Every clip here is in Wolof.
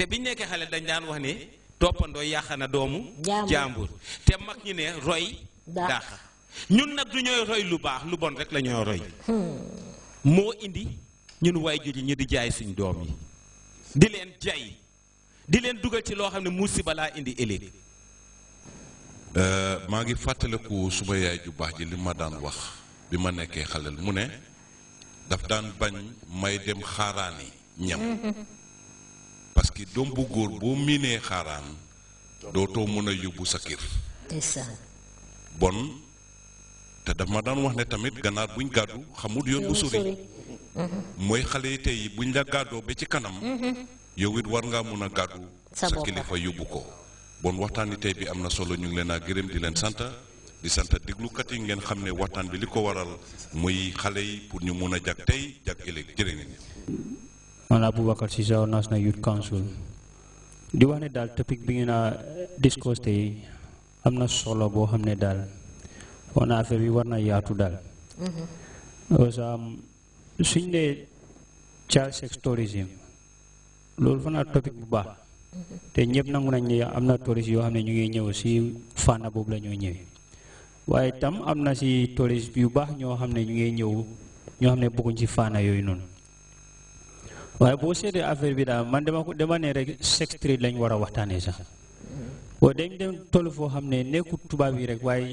te biñ nekkee xale dañ daan wax ne toppandoo yàq na doomu jaambur te mag ñi ne roy daax ñun nag du ñooy roy lu baax lu bon rek la ñooy roy hmm. moo indi ñun waajur yi ñu di jaay suñ doom yi di leen jaay di leen dugal ci loo xam ne musiba laa indi ëllëg euh, maa ngi fàttaliku suma yaay ju baax ji li ma daan wax bi ma nekkee xalel mu ne daf daan bañ may dem xaaraani ñam ki doom bu góor boo miinee xaaraan dootoo mën a yóbbu sa kër bon te daf ma daan wax ne tamit ganaar buñ gàddu xamul yoon bu sori mooy xale yi tey buñ la gàddoo ba ci kanam mm-hmm. yow it war ngaa mën a gàddu sa kilifa yóbbu ko bon waxtaani tey bi am na solo ñu ngi leen a gërëm di leen sant di sant déglukat yi ngeen xam ne waxtaan bi li ko waral muy xale yi pour ñu mën a jag tey jag ëllëg jërë man la si Sissoho National Youth Council di wax ne daal topic bi ngeen naa eh, discuss tey am na solo boo xam ne daal wax na affaire bi war na yaatu daal mm-hmm. um, suñ dee child sex tourism loolu fanaa topic bu baax mm-hmm. te ñëpp nangu nañ ne am na touriste yoo xam ne ñu ngi ñëw si faana boobu la ñoo ñëwee waaye tam am na si touriste yu baax ñoo xam ne ñu ngi ñëw ñoo xam ne bokkuñ si faana yooyu noonu waaye boo seetee affaire bi daal man dama ko demanee rek sex trade lañ war a waxtaanee sax waaye dañ dem toll foo xam ne nekkut tubaab yi rek waaye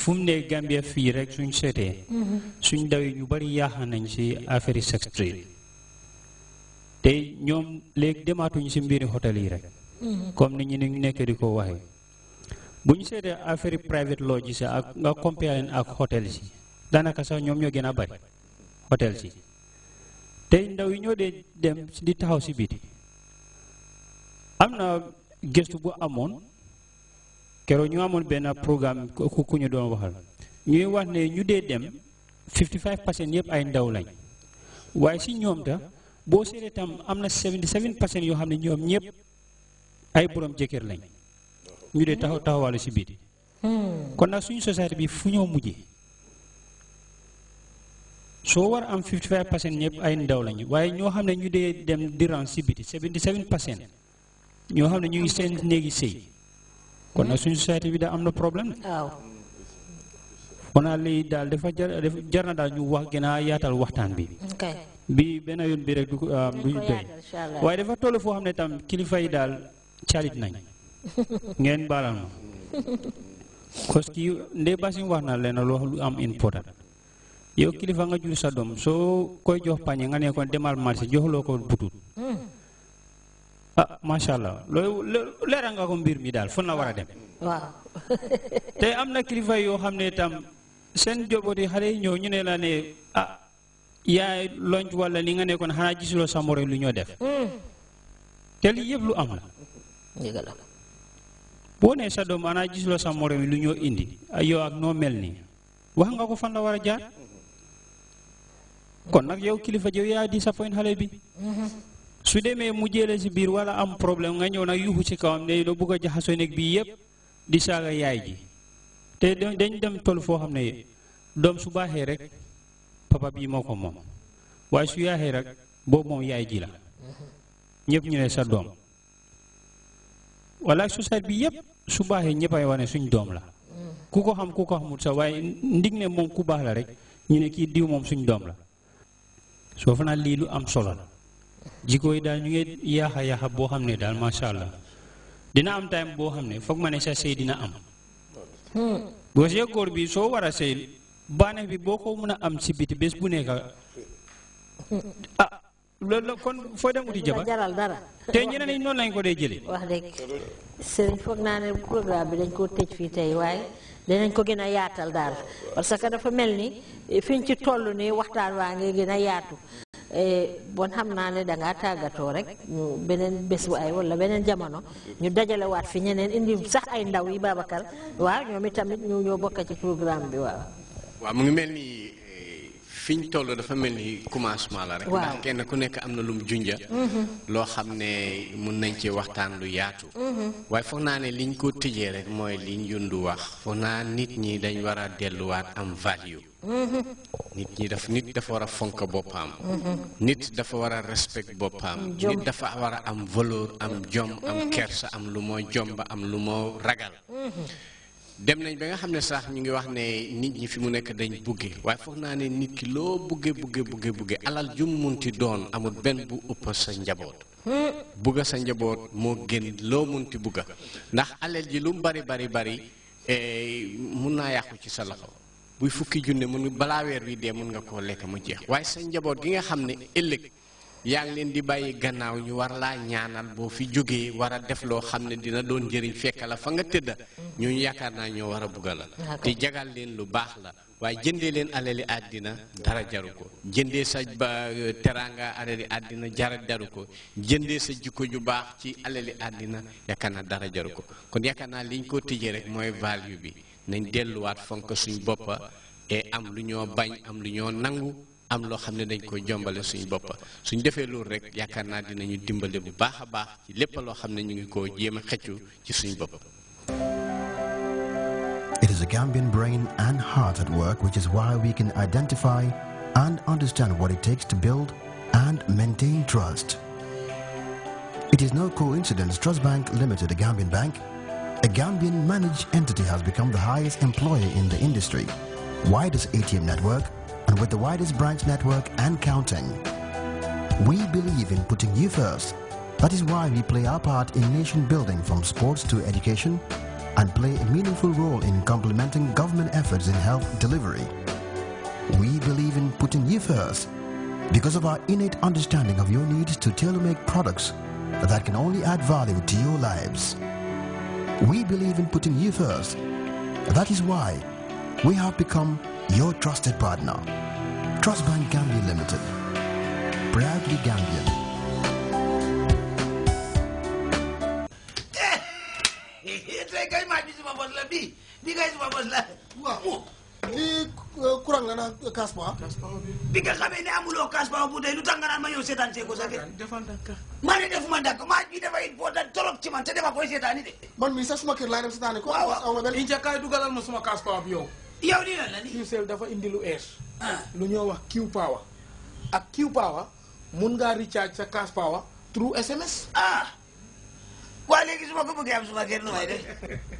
fu mu ne fii rek suñ seetee suñ dawee ñu bari yaaxa nañ si affaire sex trade te ñoom léegi demaatuñu si mbiri hôtel yi rek comme ni ñu ni nekk di ko waxee bu ñu seetee affaire private lodge yi sax ak nga compare leen ak hôtel si daanaka sax ñoom ñoo gën a bari hôtel si ndaw yi ñoo dee dem di taxaw si biti am na gëstu bu amoon keroog ñu amoon benn programme ku ku ñu doon waxal ñuy wax ne ñu dee dem 55 pour cent yëpp ay ndaw lañ waaye si ñoom ta boo seetee tam am na 77 pour cent yoo xam ne ñoom ñëpp ay boroom jëkkër lañ ñu dee taxaw taxawaalu si biit hmm. kon nag suñu société bi fu ñoo mujjee. soo war am 55 percent ñëpp ay ndaw lañu waaye ñoo xam ne ñu dee dem diran si biti 77 percent ñoo xam ne ñu ngi seen néegi sëy kon nag suñu société bi daa am na problème on a lii daal dafa jar na daal ñu wax gën yaatal waxtaan bi bi benn yoon bi ah, waaye dafa toll foo xam ne tam kilifa yi daal caalit nañ ngeen baalal ma parce que ndee basin wax na leen lu am important yow kilifa nga jur sa dom so koy jox pañe nga ne ko demal marché lo ko butut ah macha allah lo leeral nga ko mbir mi dal fu na wara a dem. waaw. te amna kilifa yo xamne tam sen joboti xale ñu ne la ne ah yaay lonj wala ni nga nekkoon xanaa gisuloo sa moore lu ñoo def. Hmm. te li yeb lu am la. dëgg sa dom ana gisuloo sa moore lu ñoo indi yow ak no melni wax nga ko fan la wara jaar. kon nag yow kilifa yow yaa di safoon xale bi. su demee mu jëlee si biir walla am problème nga ñëw nag yuuxu si kawam ne no bugg a jaxasoo néeg bii yëpp di saaga yaay ji te dañ dem toll foo xam ne doom su baaxee rek papa bii moo ko moom waaye su yaaxee rek boobu moom yaay ji la ñëpp ñu ne sa doom bi yëpp su baaxee ñëpp ay wane suñ doom la ku ko xam ku ko xamul sax waaye ndig ne moom ku baax la rek ñu ne kii diw moom suñ doom la. soo fanaa lii lu am solo jiko jikko yi daal ñu ngi yaaxa yaaxa boo xam ne daal macha allah dina am time boo xam ne foog sa sëy dina am because yow góor bi soo war hmm. a bi am si biti bés bu ah loolu la kon foo dem uti jabar jaral dara te ñeneen ñi noonu lañ ko dee jëlee wax dëgg sëriñ foog naa ne programme bi dañ koo tëj fii tey waaye danañ ko gën a yaatal daal parce que dafa mel ni eh, fiñ ci toll ni waxtaan waa ngi gën a yaatu eh, bon xam naa ne dangaa tàggatoo rek ñu beneen bés bu ay wala beneen jamono ñu dajale waat fi ñeneen indi sax ay ndaw yi Babacar waaw ñoom itamit ñu ñoo bokk ci programme bi waaw mu ngi mel ni fi ñu toll dafa mel ni commencement la rek. ndax kenn ku nekk am na lum junja. Mhm. loo xam ne mun nañ ci waxtaan lu yaatu. Mhm. waaye foog naa ne liñ ko tëjee rek mooy liñ yundu wax. foog naa nit ñi dañ war a delluwaat am value. Mhm. nit ñi daf nit dafa war a fonk boppam. nit dafa war a respect boppam. nit dafa war a am valeur am jom am kersa am lu moo jomba am lu moo ragal. dem nañ ba nga xam ne sax ñu ngi wax ne nit ñi fi mu nekk dañ bugge waaye foog naa ne nit ki loo bugge bugge bugge bugge alal jum munti doon amul benn bu ëpp sa njaboot bugga sa njaboot moo gën loo munti bugga ndax alal ji lum mu bari bari bari eh, mun naa yàqu ci sa loxo buy fukki junne mun balaa weer wi dee mun nga koo lekk mu jeex waaye sa njaboot gi nga xam ne ëllëg yaa ngi leen di bàyyi gannaaw ñu war laa ñaanal boo fi jógee war a def loo xam ne dina doon njëriñ fekk la fa nga tëdda ñooñu yaakaar naa ñoo war a bugga la te jagal leen lu baax la waaye jëndee leen alali àddina dara jaru ko jëndee sa teraanga alali àddina dara jaru ko jëndee sa jikko ju baax ci alali àddina yaakaar na dara jaru ko kon yaakaar naa liñ ko tijjee rek mooy value bi nañ delluwaat fonk suñ boppa te am lu ñoo bañ am lu ñoo nangu am dañ jombale suñu rek dinañu dimbale bu a baax ci lépp ñu ngi xëccu ci suñu It is Gambian brain and heart at work which is why we can identify and understand what it takes to build and maintain trust. It is no coincidence Trust Bank Limited, a Gambian bank, a Gambian managed entity has become the highest employer in the industry. Why does ATM network and with the widest branch network and counting. We believe in putting you first. That is why we play our part in nation building from sports to education and play a meaningful role in complementing government efforts in health delivery. We believe in putting you first because of our innate understanding of your needs to tailor-make products that can only add value to your lives. We believe in putting you first. That is why we have become your trusted partner. Trust Bank Gambia Limited. Proudly Gambian. Di bos na kaspa Bi nga xamee ne amuloo kaspa bu tey lu nga naan ma yow seetaan see ko sa kër. Defal dakka. Ma ne defuma dakka maa bi dafa important torop ci man te dama koy seetaani de. Man yow di lan la ni Qcell dafa indi lu es ah. lu ñoo wax Q power ak Q power mun nga recharge sa cash power through SMS ah wa legi suma ko bëggee am suma gën kenn nu may def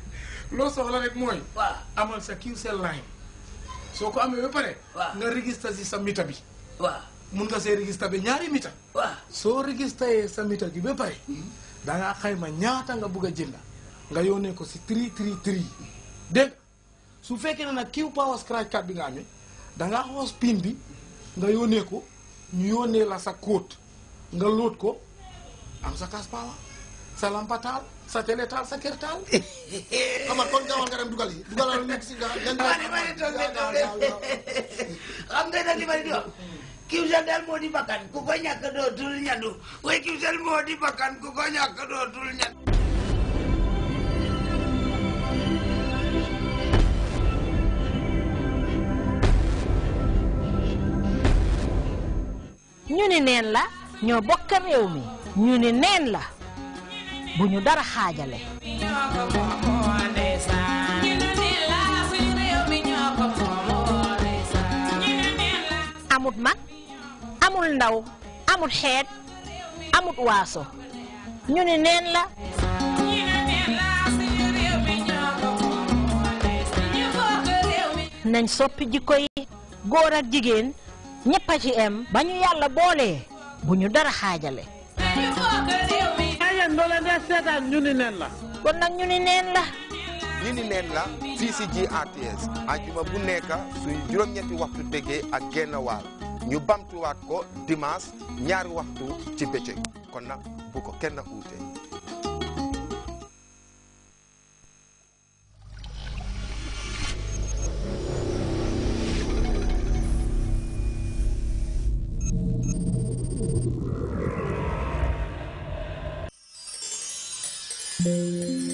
loo soxla rek moy amal sa Qcell line soko amé ba paré nga register ci sa mita bi wa mun nga sé register bi ñaari mita wa so register sa mita gi ba hmm. da nga xayma ñaata nga bugg jënd nga yónnee ko si 333 dégg su fekkee ne nag kiw power scratch card bi nga amee nga xoos pin bi nga yónnee ko ñu yónnee la sa kóot nga lóot ko am sa kas power sa lampa taal sa télé taal sa kër taal xam nga kon gaawal nga dem dugal yi dugalal nekk si gaa nga li ma di toog xam nga nag li ma di wax kiw sa dal moo di bakkan ku ko ñàkk dootul ñandu way kiw sa moo di bakkan ku ko ñàkk dootul ñandu ñu ni neen la ñoo bokk réew mi ñu ni neen la bu ñu dara xaajale amut mag amul ndaw amut xeet amut waaso ñu ni neen la nañ soppi jikko yi góor ak jigéen ñëpp a ci em ba ñu yàlla boolee bu ñu dara xaajale ayeen doole dee seetaan ñu ni neen la kon nag ñu ni neen la ñu ni neen la fii si GRTS ajuma bu nekk suy juróom-ñetti waxtu tegee ak genn waal ñu bamtuwaat ko dimanche ñaari waxtu ci bëccëg kon nag bu ko kenn uute Música